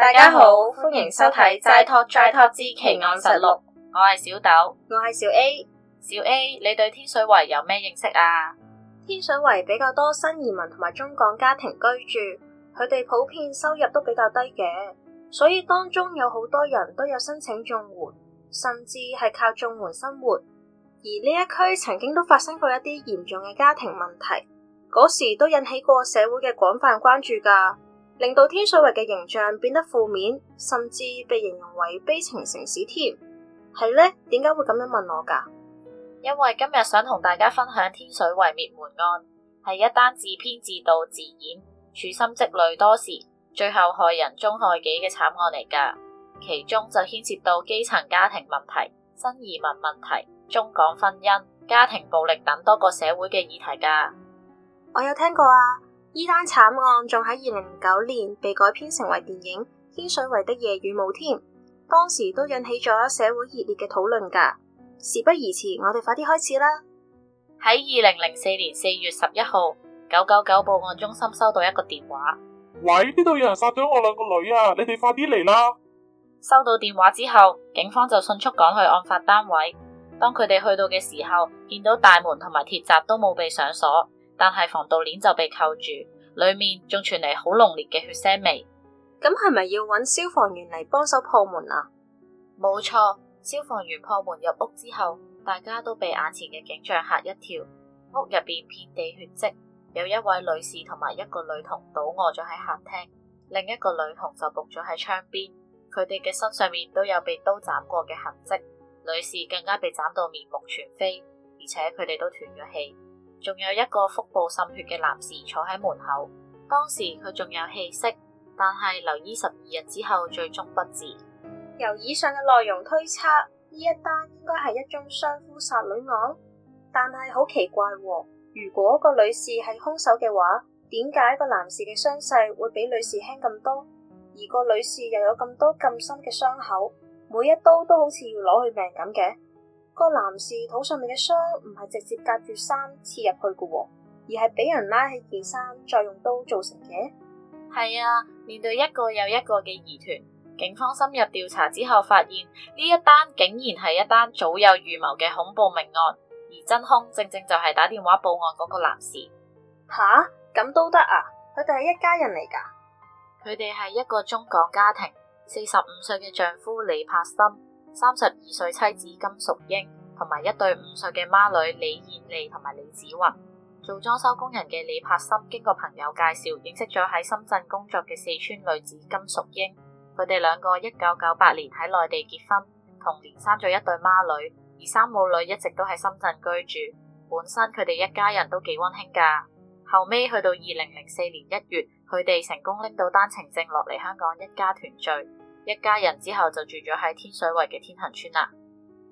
大家好，歡迎收睇才《齋托再托之奇案實錄》其。我係小豆，我係小 A。小 A，你對天水圍有咩認識啊？天水圍比較多新移民同埋中港家庭居住，佢哋普遍收入都比較低嘅，所以當中有好多人都有申請綜援，甚至係靠綜援生活。而呢一區曾經都發生過一啲嚴重嘅家庭問題，嗰時都引起過社會嘅廣泛關注噶。令到天水圍嘅形象變得負面，甚至被形容為悲情城市添。係呢？點解會咁樣問我噶？因為今日想同大家分享天水圍滅門案，係一單自編自導自演、處心積慮多時，最後害人終害己嘅慘案嚟噶。其中就牽涉到基層家庭問題、新移民問題、中港婚姻、家庭暴力等多個社會嘅議題噶。我有聽過啊。呢單慘案仲喺二零零九年被改編成為電影《天水圍的夜與霧》添，當時都引起咗社會熱烈嘅討論㗎。事不宜遲，我哋快啲開始啦！喺二零零四年四月十一號，九九九報案中心收到一個電話：「喂，呢度有人殺咗我兩個女啊！你哋快啲嚟啦！收到電話之後，警方就迅速趕去案發單位。當佢哋去到嘅時候，見到大門同埋鐵閘都冇被上鎖。但係防盜鏈就被扣住，裏面仲傳嚟好濃烈嘅血腥味。咁係咪要揾消防員嚟幫手破門啊？冇錯，消防員破門入屋之後，大家都被眼前嘅景象吓一跳。屋入邊遍地血迹，有一位女士同埋一個女童倒卧咗喺客廳，另一個女童就仆咗喺窗邊。佢哋嘅身上面都有被刀斬過嘅痕迹，女士更加被斬到面目全非，而且佢哋都斷咗氣。仲有一個腹部滲血嘅男士坐喺門口，當時佢仲有氣息，但係留醫十二日之後最終不治。由以上嘅內容推測，呢一單應該係一宗傷夫殺女案。但係好奇怪，哦，如果個女士係兇手嘅話，點解個男士嘅傷勢會比女士輕咁多？而個女士又有咁多咁深嘅傷口，每一刀都好似要攞去命咁嘅？個男士肚上面嘅傷唔係直接隔住衫刺入去嘅，而係俾人拉起件衫再用刀造成嘅。係啊，面對一個又一個嘅疑團，警方深入調查之後發現呢一單竟然係一單早有預謀嘅恐怖命案，而真兇正正就係打電話報案嗰個男士。吓，咁都得啊？佢哋係一家人嚟噶？佢哋係一個中港家庭，四十五歲嘅丈夫李柏森。三十二歲妻子金淑英同埋一對五歲嘅孖女李燕利同埋李子雲。做裝修工人嘅李柏森經過朋友介紹認識咗喺深圳工作嘅四川女子金淑英，佢哋兩個一九九八年喺內地結婚，同年生咗一對孖女，而三母女一直都喺深圳居住，本身佢哋一家人都幾溫馨㗎。後尾去到二零零四年一月，佢哋成功拎到單程證落嚟香港一家團聚。一家人之後就住咗喺天水圍嘅天恒村啦。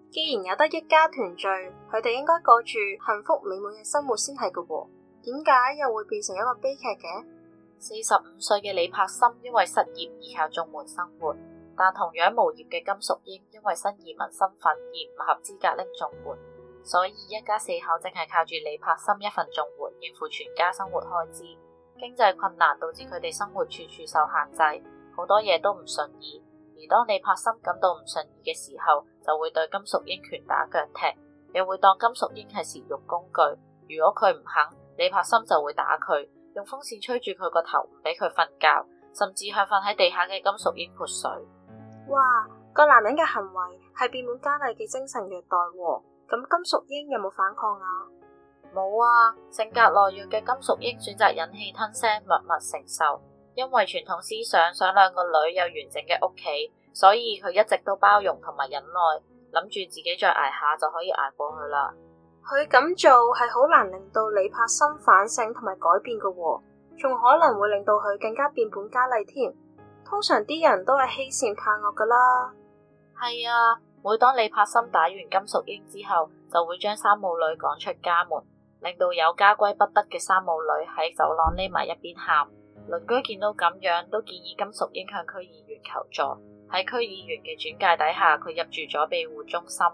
既然有得一家團聚，佢哋應該過住幸福美滿嘅生活先係噶喎。點解又會變成一個悲劇嘅？四十五歲嘅李柏森因為失業而靠綜援生活，但同樣無業嘅金淑英因為新移民身份而唔合資格拎綜援。所以一家四口淨係靠住李柏森一份綜援應付全家生活開支。經濟困難導致佢哋生活處處受限制，好多嘢都唔順意。而當李柏森感到唔順意嘅時候，就會對金淑英拳打腳踢，又會當金淑英係洩慾工具。如果佢唔肯，李柏森就會打佢，用風扇吹住佢個頭，唔俾佢瞓覺，甚至向瞓喺地下嘅金淑英潑水。哇！個男人嘅行為係變本加厲嘅精神虐待喎。咁金淑英有冇反抗啊？冇啊，性格懦弱嘅金淑英選擇忍氣吞聲，默默承受。因為傳統思想，想兩個女有完整嘅屋企，所以佢一直都包容同埋忍耐，諗住自己再挨下就可以挨過去啦。佢咁做係好難令到李柏森反省同埋改變噶喎，仲可能會令到佢更加變本加厲添。通常啲人都係欺善怕惡噶啦。係啊，每當李柏森打完金淑英之後，就會將三母女趕出家門，令到有家歸不得嘅三母女喺走廊匿埋一邊喊。鄰居見到咁樣，都建議金淑英向區議員求助。喺區議員嘅轉介底下，佢入住咗庇護中心。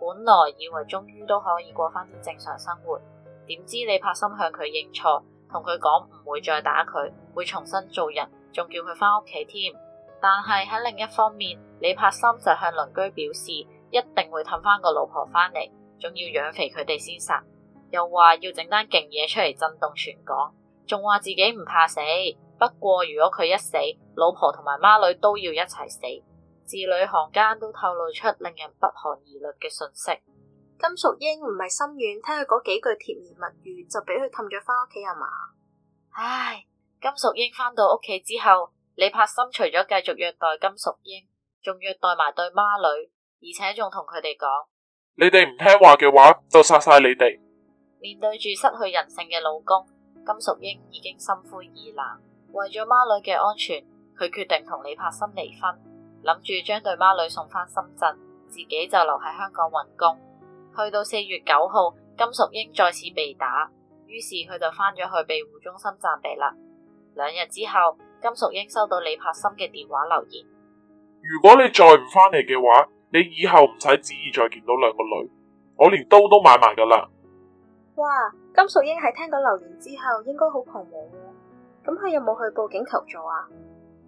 本來以為終於都可以過返正常生活，點知李柏森向佢認錯，同佢講唔會再打佢，會重新做人，仲叫佢返屋企添。但係喺另一方面，李柏森就向鄰居表示，一定會氹返個老婆返嚟，仲要養肥佢哋先殺。又話要整單勁嘢出嚟震動全港。仲話自己唔怕死，不過如果佢一死，老婆同埋孖女都要一齊死。字裏行間都透露出令人不寒而慄嘅信息。金淑英唔係心軟，聽佢嗰幾句甜言蜜語就俾佢氹咗翻屋企啊嘛。唉，金淑英翻到屋企之後，李柏森除咗繼續虐待金淑英，仲虐待埋對孖女，而且仲同佢哋講：你哋唔聽話嘅話，就殺晒你哋。面對住失去人性嘅老公。金淑英已經心灰意冷，為咗孖女嘅安全，佢決定同李柏森離婚，諗住將對孖女送返深圳，自己就留喺香港揾工。去到四月九號，金淑英再次被打，於是佢就翻咗去庇護中心暫避啦。兩日之後，金淑英收到李柏森嘅電話留言：「如果你再唔返嚟嘅話，你以後唔使旨意再見到兩個女，我連刀都買埋噶啦。哇！金淑英喺聽到留言之後應該，應該好狂莽。咁佢有冇去報警求助啊？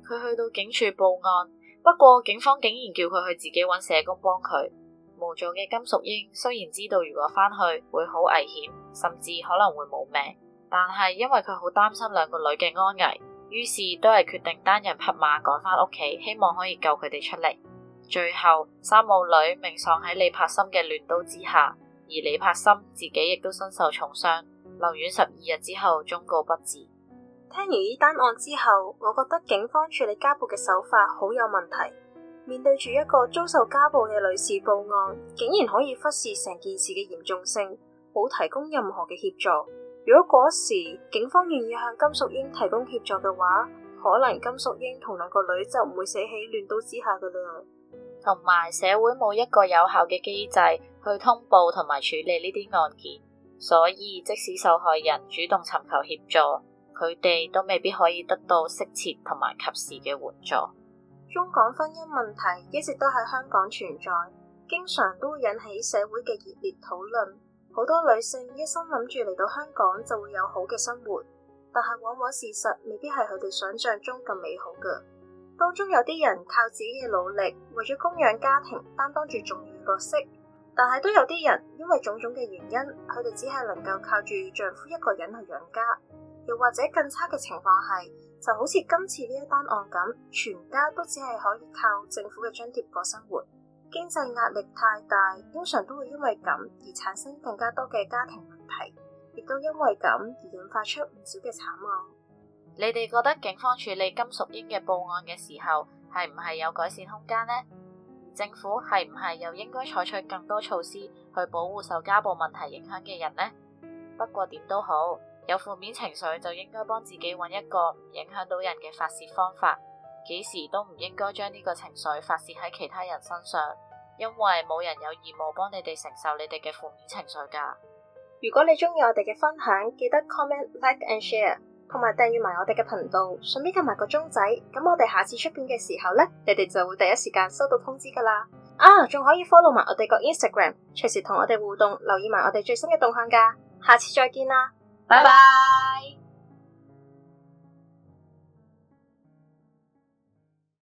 佢去到警署報案，不過警方竟然叫佢去自己揾社工幫佢。無助嘅金淑英雖然知道如果翻去會好危險，甚至可能會冇命，但係因為佢好擔心兩個女嘅安危，於是都係決定單人匹馬趕返屋企，希望可以救佢哋出嚟。最後，三母女命喪喺李柏森嘅亂刀之下。而李柏森自己亦都身受重傷，留院十二日之後終告不治。聽完呢單案之後，我覺得警方處理家暴嘅手法好有問題。面對住一個遭受家暴嘅女士報案，竟然可以忽視成件事嘅嚴重性，冇提供任何嘅協助。如果嗰時警方願意向金淑英提供協助嘅話，可能金淑英同兩個女就唔會死喺亂刀之下嘅啦。同埋社會冇一個有效嘅機制去通報同埋處理呢啲案件，所以即使受害人主動尋求協助，佢哋都未必可以得到適切同埋及時嘅援助。中港婚姻問題一直都喺香港存在，經常都會引起社會嘅熱烈討論。好多女性一心諗住嚟到香港就會有好嘅生活，但係往往事實未必係佢哋想像中咁美好㗎。當中有啲人靠自己嘅努力，為咗供養家庭，擔當住重要角色；但係都有啲人因為種種嘅原因，佢哋只係能夠靠住丈夫一個人去養家，又或者更差嘅情況係，就好似今次呢一單案咁，全家都只係可以靠政府嘅津貼過生活，經濟壓力太大，經常都會因為咁而產生更加多嘅家庭問題，亦都因為咁而引發出唔少嘅慘案。你哋覺得警方處理金淑英嘅報案嘅時候係唔係有改善空間呢？政府係唔係又應該採取更多措施去保護受家暴問題影響嘅人呢？不過點都好，有負面情緒就應該幫自己揾一個唔影響到人嘅發洩方法，幾時都唔應該將呢個情緒發洩喺其他人身上，因為冇人有義務幫你哋承受你哋嘅負面情緒㗎。如果你鍾意我哋嘅分享，記得 comment、like and share。同埋訂閱埋我哋嘅頻道，順便撳埋個鐘仔，咁我哋下次出片嘅時候呢，你哋就會第一時間收到通知噶啦。啊，仲可以 follow 埋我哋個 Instagram，隨時同我哋互動，留意埋我哋最新嘅動向噶。下次再見啦，Bye bye, 拜拜。